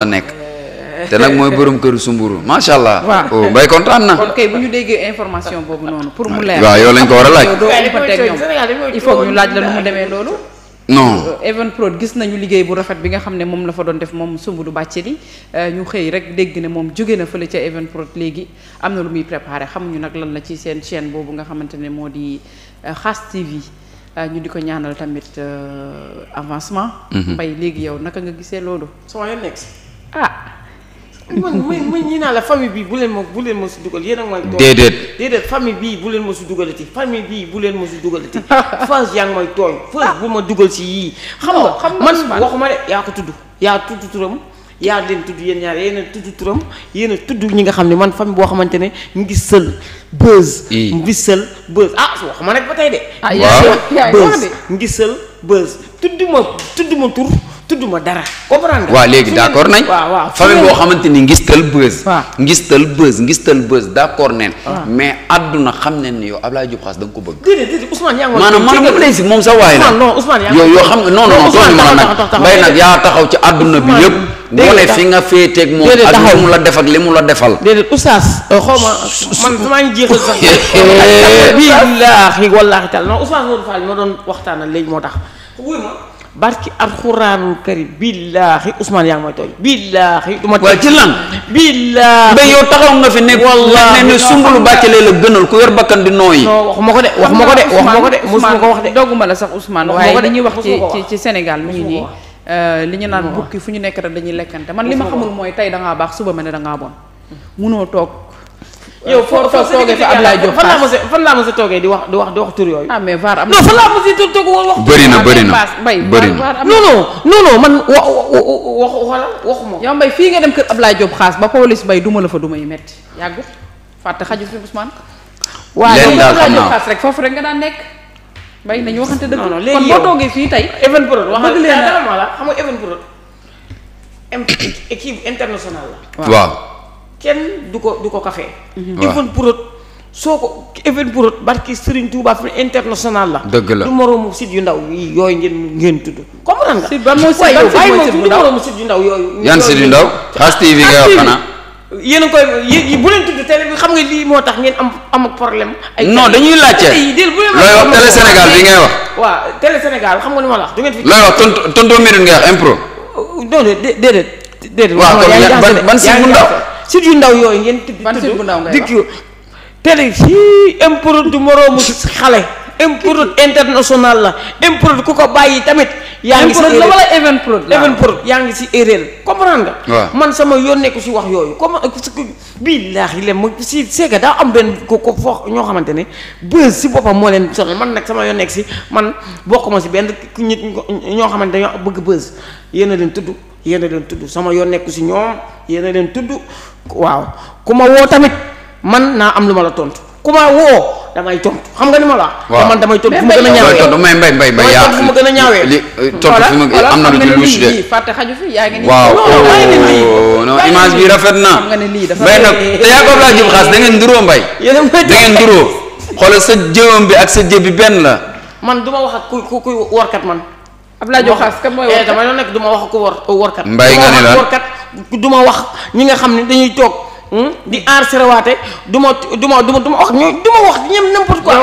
a nekk te nag mooy borom këru sumburu macha allah. bay oh, mbay kontaan na. kon kay bu ñu déggee information boobu noonu pour mu leer. waaw yow lañ ko war a laaj. il faut ñu laaj la nu mu demee loolu. non Evenprod gis nañu liggéey bu rafet bi nga xam ne moom la fa doon def moom Soumboulou Bathily euh, ñu xëy rek dégg ne moom jóge na fële ca Evenprod léegi am na lu muy préparé xamuñu nag lan la ci seen chaîne boobu nga xamante ne moo di euh, Khass TV euh, ñu di ko ñaanal tamit avancement. Mhm. mbay léegi yow naka nga gisee loolu. ah. man man ñii naa la famille bii bu leen ma bu leen ma si dugal yéen a may. déedéet déedéet famille bii bu leen ma si dugalati famille bii bu leen ma si dugalati. Fass yaa ngi may tooñ. Fass bu ma dugal si yii. xam nga xam man waxuma de yaa ko tudd yaa tudd turam. yaa leen tudd yéen ñaar yéen a tudd turam yéen a tudd ñi nga xam ne man famille boo xamante ne ñu ngi sël buzz. ñu ngi sël buzz ah su waxuma nag ba tey de. ah yaa ngi sël buzz ngi sël buzz tudd ma tudd ma tur. tudduma dara comprendre waaw léegi d' accord nañ famille boo xamante ni ngistal bës ngistal bës ngistal bës d' accord neen mais àdduna xam ne ni yow Ablaye Diop Khass da nga ko bëgg déedéet déedéet Ousmane yaa ngi la non xam nga non non yaa taxaw ci àdduna bi yëpp wane nga féeteeg moom ak li mu la def li mu la defal déedéet oustaz euh, xaw ma man damaa ngi jeexal sax billaahi wallaahi taala non Ousmane Modou Fall moo doon waxtaanal léegi moo tax barki alxuraanul karim billaahi Ousmane yaa ngi may tooy billaahi du ma. waaye ci lan. billaahi mais yow taxaw nga fi nekk. wallaahi ne sumbulu bàccalee la gënal ku yor bakkan di nooyi. non waxuma ko de waxuma ko de ma ko de. musuma ko wax de dogguma la sax Ousmane. waaye li ñuy wax ci ci Sénégal mu ngi nii. Euh, li ñu naan bukki fu ñu nekk rek dañuy lekkante man li ma xamul mooy tey da ngaa baax suba ma ne da ngaa bon. Hmm. munoo toog. yow foo foo toogee fa Ablaye Diop fan laa mos fan toogee di wax di wax di wax tur yooyu. ah mais VAR am na non fan laa mos a toog na bëri na bay non non non non wa wax wala waxuma. yow mbay fii nga dem kër Ablaye Diop xaas ba police bay duma la fa duma yi metti yàggut fàtte xaju fi Ousmane. léegi daal xam naa waaw foofu rek nga daan nekk. bay nañu waxante dëgg. non non léegi yow kon fii tey. Even Pro waxal dëgg la xam nga Even Pro. équipe internationale la. waaw. kenn du ko du ko kafee mm-hmm. even prod soo ko even prod barki Serigne Touba fi international la dëgg la du moroomu site yu ndaw yi yooyu ngeen ngeen tudd comprendre ban mooy site moom yu ndaw yooyu yan site yu ndaw Xaas TV nga wax xanaa yéen koy bu leen tudd télé bi xam nga lii moo tax ngeen am am problème. ay non dañuy laajte looy wax télé Sénégal bi ngay wax. waaw télé Sénégal xam nga li ma la wax. du ngeen fi looy wax tonton tonton Medoune ngay wax impro. non déedéet déedéet. waaw kon ban ban si bu ndaw site yu ndaw yooyu ngeen. ban site bu ndaw ngay wax tudd télé fii import du moroomu xale. import international la import ku ko bàyyi tamit. yaa ngi si erreur la wala event prod event yaa ngi si erreur comprendre nga. man sama yoon nekku si wax yooyu comme yi leen ma si seega daa am benn ko ko foo ñoo xamante ne bës si boppam moo leen sonal man nag sama yoon si man bokkuma si benn nit ñoo xamante ne ñoo bëgg bës yéen a leen tudd. yéen a leen tudd sama yoon nekku si ñoom yéen leen tudd waaw ku ma woo tamit man naa am lu ma la tontu ku ma woo damay tontu xam nga ni ma laa wax. man damay tontu a ñaawee mbay mbay mbay yaa gën a ñaawee. li am na lu ci louche de. fi yaa ngi nii. waaw non oh, image bi rafet na. xam nga ne lii dafa mbay nag te Yacob laa jub xaas da nduroo mbay. yéen a da ngeen nduroo xoolal sa jëwam bi ak sa jëb bi benn la. man du wax ak ku ku kuy warkat man. Abdoulaye Diop Khass kan mooy eh, wor dama doon nekk du ma wax ku wor euh, workat mbay nga ne la workat du ma wax ñi nga xam ne dañuy toog hmm, di aar serewaate du ma du ma du ma wax ñoom du ma wax ñoom n'importe quoi.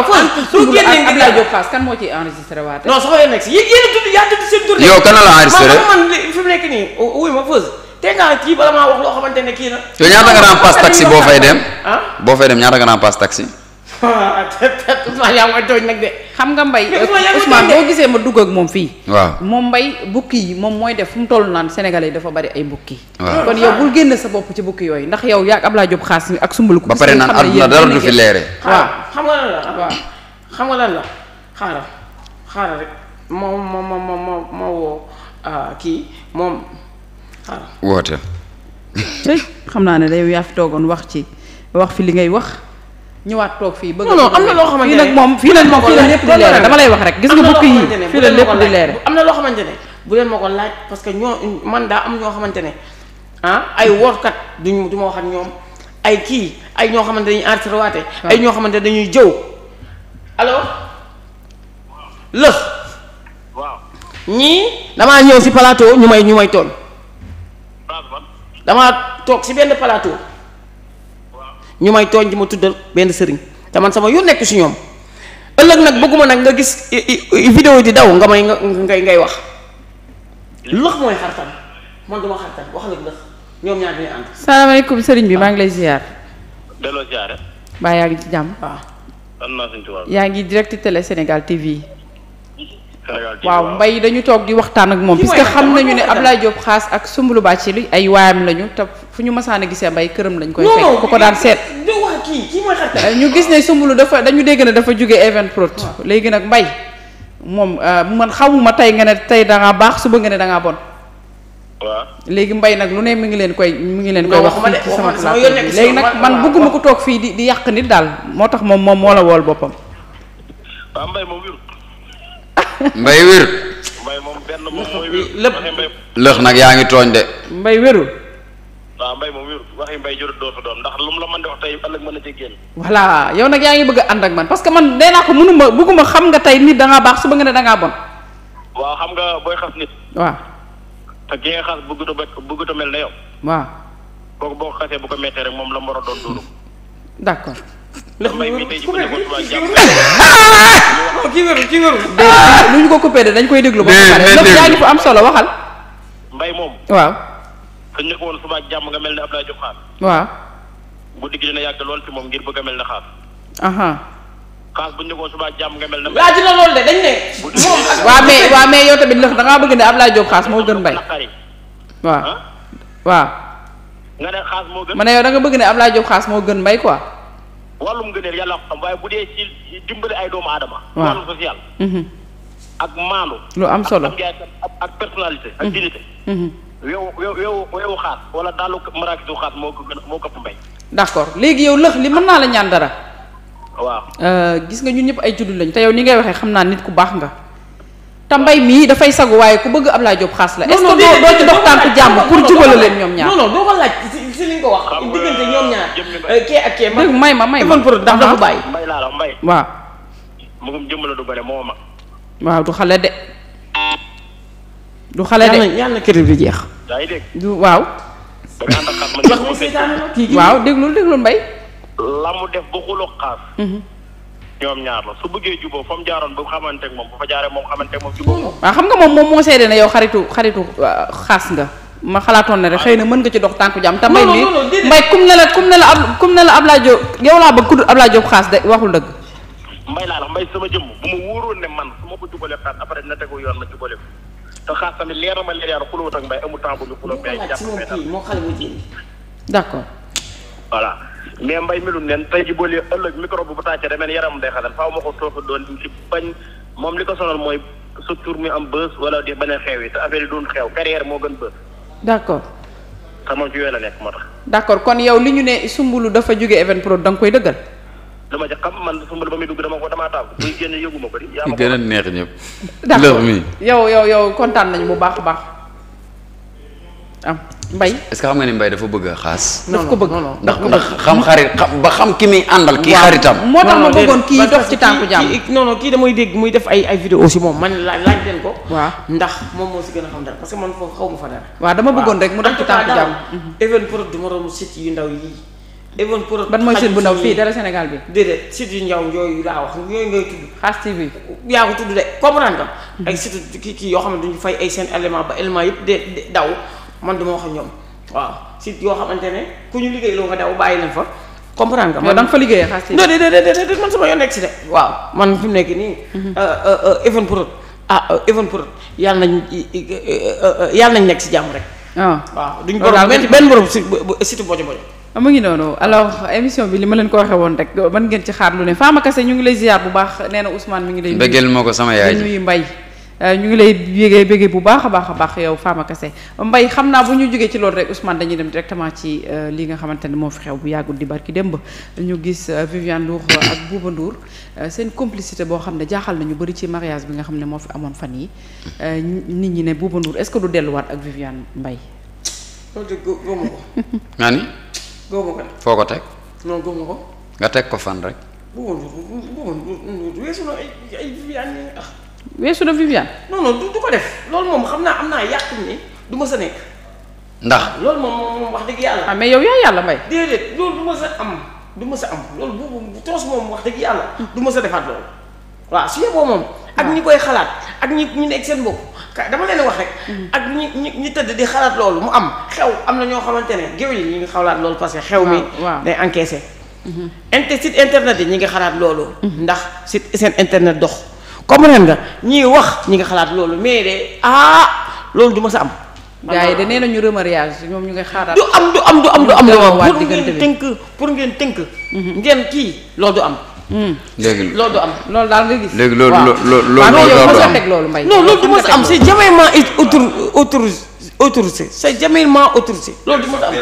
lu génnee Abdoulaye Diop Khass kan moo ciy enregistré waate. non a tudd yaa tudd seen tur. yow kan la la enregistré yow ñaata nga daan passe taxi boo fay dem. Ah? boo fay dem ñaata nga daan passe taxi. Ousmane yaa ngi nag xam nga mbay Ousmane gisee ma dugg ak moom fii. waaw moom mbay bukki yi moom mooy def fu mu toll naan Sénégalais dafa bari ay bukki. waaw kon yow bul génn sa bopp ci bukki yooyu ndax yow yaa ak Abdoulaye Diop xaas mi ak sumbalu ko. ba pare naan àdduna dara du fi leere. xam nga lan la waaw xam la xaaral xaaral rek moo moo moo moo woo ah, kii moom woote. xam naa ne day yaa fi toogoon wax ci wax fi li ngay wax. ñëwaat toog fii bëgg non am na loo xamante ne fii nag moom fii nag moom fii la lépp di dama lay wax rek gis nga bukk yi fii la lépp di ne bu leen ma ko laaj parce que man daa am ñoo xamante ne ah ay workat duñu du ma ñoom ay kii ay ñoo xamante dañuy enregistré ah. ay ñoo xamante dañuy jëw allo damaa ñëw si plateau ñu may ñu may toon toog si benn palaato ñu may tooñ di ma tuddal benn sëriñ te man sama yu nekk si ñoom ëllëg nag bëgguma nag nga gis vidéo di daw nga may nga ngay ngay wax lëx mooy xartan man duma xartan wax nag sëriñ bi maa ngi lay ziar. delloo ziar. baa yaa ngi ci jàmm. waaw. Ah. yaa ngi direct télé Sénégal TV. waaw mbay dañu toog di waxtaan ak moom. parce que xam nañu ne Ablaye Diop xaas ak Soumboulou Bathily ay waayam lañu te fu ñu masaan a gisee mbay këram lañ koy fekk ku ko daan seet kii euh, ñu gis ne Soumboulou dafa dañu dégg ne dafa jóge event prot léegi nag mbay moom euh, man xamuma tey nga ne tey dangaa baax suba nga ne danga bon waaw léegi mbay nag lu ne mi ngi leen koy mu ngi leen koy wax fii ci sama léegi nag man bëgguma ko toog fii di di yàq nit daal moo tax moom moom moo la wool boppam mbay moom wérut lëx nag yaa ngi tooñ de mbay wérul waaw mbay moom wérut waxi mbay jurut doo fa doom ndax lu mu la mën di wax tey ëllëg mën na yow nag yaa ngi bëgg a ànd ak man parce que man nee naa ko mënuma bëgguma xam nga tey nit da ngaa baax suba nga ne da ngaa bon waaw xam nga booy xas nit waaw te ki nga xas bëgguta bëgguta mel na yow waaw kooku boo ko xasee bu ko mettee rek moom la mu war a doon dóoru d'accord mbay mi tey ji bu nekkoon tubaab oh, ko coupé de dañ koy déglu ba pare yaa ngi fa am solo waxal mbay moom waaw suñ ne ko woon suba ak jàmm nga mel ne Abdoulaye Diop xaas. waaw. bu gi dina yàgg lool ci moom ngir bëgg a mel ne xaas. xaas buñ ne ko woon suba ak jàmm nga mel ne. laaj na loolu a dañ ne. moom ak waa mais waa mais yow tamit ndax da ngaa bëgg ne Abdoulaye Diop xaas moo gën mbay. waaw waaw. nga ne xaas moo gën. ma ne yow da nga bëgg ne Abdoulaye Diop xaas moo gën mbay quoi. wàllum gëneel yàlla xam waaye bu dee dimbali ay doomu aadama. waaw mhm. ak maandu. lu am solo weewu weewu weewu xaat wala daalu maraakis du xaat moo ko gën moo ko ëpp mbay. d'accord léegi yow lëx li mën naa la ñaan dara. waaw. Euh, gis nga ñun ñëpp ay juddu lañ te yow ni ngay waxee xam naa nit ku baax nga. te mbay mii dafay sagu waaye ku bëgg Ablaye Diop xaas la. est-ce que doo doo ci dox tànku jàmm pour jubale leen ñoom ñaar. non non doo ko laaj si si li nga ko wax. diggante ñoom ñaar euh, kee may ma may ma dafa ndax dafa bàyyi. mbay laa la mbay. waaw. mu jëmm la du bëre ma. waaw du xale de. du xale de yàlla na crédit bi jeex. yaa ngi dégg du waaw. waaw déglul déglul mbay. la mu def ba xuloo xaas. Mhm. ñoom ñaar la su bëggee jubóo fa mu jaaroon ba xamante moom bu fa jaaree moom xamante moom jubóo. waaw xam nga moom moom moo seede ne yow xaritu xaritu euh, xaas nga. ma xalaatoon na rek xëy na mën nga ci dox tànku jàmm te mbay mi mbay kum ne la kum ne la ab kum ne la Ablaye Diop yow laa bëgg ku dul Ablaye Diop xaas de waxul dëgg. mbay laa la mbay sama jëmm bu ne man su ma na tegu yoon ma jubale ko te xaas tamit leer na ma leer yàlla xulóot ak mbay mu temps bu ñu xulóot mbay jàpp d' accord. voilà mais mbay mi lu neen tey ji boo lee ëllëg microbe bu tàccee demeen yaram day xasan faaw ma ko toofa doon ci bañ moom li ko sonal mooy sa tur mi am bës wala di bañ xeew xew yi te affaire yi doon xew carrière moo gën bës d' accord te moom ci la nekk moo tax d' accord kon yow li ñu ne sumbulu dafa jóge Evenprod da danga koy dëggal dama ma ca man sumba ba muy dugg dama ko damaa taamu. buy génn yëgu ma ko di. yaa ma gën a neex ñëpp. d'accord yow yow yow kontaan nañu bu baax a baax. am ah, mbay est que xam nga ni mbay dafa bëgg xaas. daf ko bëgg ndax ndax xam xarit xam ba xam ki muy àndal. kii xaritam moo tax ma bëggoon kii dox ci tànku jàmm. non non kii damay dégg muy def ay ay vidéo aussi moom man laaj laaj ko. ndax moom moo si gën man foofu xaw ma fa dara. dama bëggoon rek mu dox ci tànku jàmm. even produit moromu site yu ndaw yi even pour ban mooy site bu ndaw fii dara Sénégal bi déedéet site yu ndaw yooyu laa wax yooyu ngay tudd xaas TV yaa ko tudd de comprendre nga ay site kii kii yoo xam ne duñu fay ay seen élément ba élément yëpp de daw man duma wax ak ñoom waaw site yoo xamante ne ku ñu liggéey loo nga daw bàyyi leen fa comprendre nga man da nga fa liggéeyee xaas TV non déedéet man sama yoon nekk si de waaw man fi mu nekk nii mhm. euh, euh, euh, even pour ah even pour yàlla nañ yàlla nañ nekk si jàmm rek ah. waaw duñ borom benn borom si site bojo bojo Ah, mu ngi noonu alors émission bi li ma leen ko waxee woon rek man ngeen ci xaar lu ne Fama Kassé ñu ngi lay ziar bu baax nee na mu ngi lay. bëggeel moo ko sama yaay nuyu Mbay ah, ñu ngi lay yégee bégee bu baax a baax a baax yow Fama Kassé Mbay xam naa bu ñu jógee ci loolu rek usman dañuy dem directement ci euh, li nga xamante ne moo fi xew bu yàggul di barki démb ñu gis euh, Viviane Ndour ak Bouba euh, seen complicité boo xam ne jaaxal na ñu bëri ci mariage bi nga xam ne moo fi amoon fan yi nit ñi ne Bouba Ndour est-ce que du delluwaat ak Viviane Mbay góob ko de. foo ko teg. non góob ko. nga teg ko fan rek. góob góob weesu na ay ay Viviane ah. weesu na Viviane. non non du ko def loolu moom xam naa am naa yàq nii du ma sa nekk. ndax ah, loolu moom moom wax dëgg yàlla. ah mais yow yaa yàlla may. déedéet loolu du ma sa am du ma sa am loolu bu bu toos moom wax dëgg yàlla. du ma sa defaat loolu. waa su yeboo moom. ak ñi koy xalaat. ak ñi ñi nekk seen bopp dama leen wax rek. Mm. ak ñi ñi ñi tëdd di xalaat loolu mu am xew am na ñoo xamante ne géew yi ñu ngi xalaat loolu parce que xew mi. day encaissé. Mm-hmm. inter site internet yi ñi ngi xalaat loolu. Mm-hmm. ndax site seen internet dox. neen nga ñiy wax ñi ngi xalaat loolu mais de ah loolu du ma sa am. gaa yi de nee nañu remariage ñoom ñu ngi xaaraat. du am du am du am du am. pour ngeen tënk pour ngeen tënk. Mm-hmm. ngeen kii loolu du am. Hmm. léegi loolu du am loolu daal nga gis. léegi loolu loolu loolu loolu Mbaye non loolu du mos am c'est jamaïman autour autour autorisé c'est jamaïman autorisé loolu du mos am.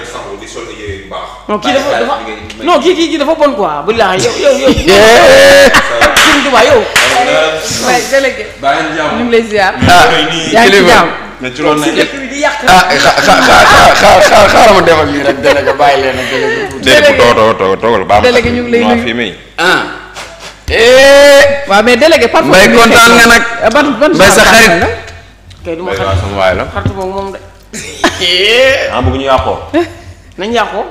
non kii dafa dafa non kii kii kii dafa bon quoi bu laa yow yow yow. yow. waaye délégué. ñu ngi lay ziar. Ah, yaa ngi ci jàmm mais ci loolu nag ah xaaral ma def ak lii rek délégué bàyyi leen ak délégué. too too toogal ba am. délégué ñu ngi lay nuyu ah. Eh. mais délégué parfois. mbay kontaan nga nag. Ah, ban ban mbay sa xarit la. waay la. xarit boobu moom de. ah bëgg ñu yàqoo. nañ yàqoo.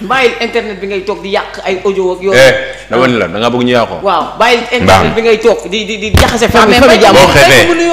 bàyyil internet bi ngay toog di yàq ay audio ak yooyu. Eh, dama ni la da nga bëgg ñu yàqoo. waaw bàyyil internet bi ngay toog di di di jaxase. fan bi fan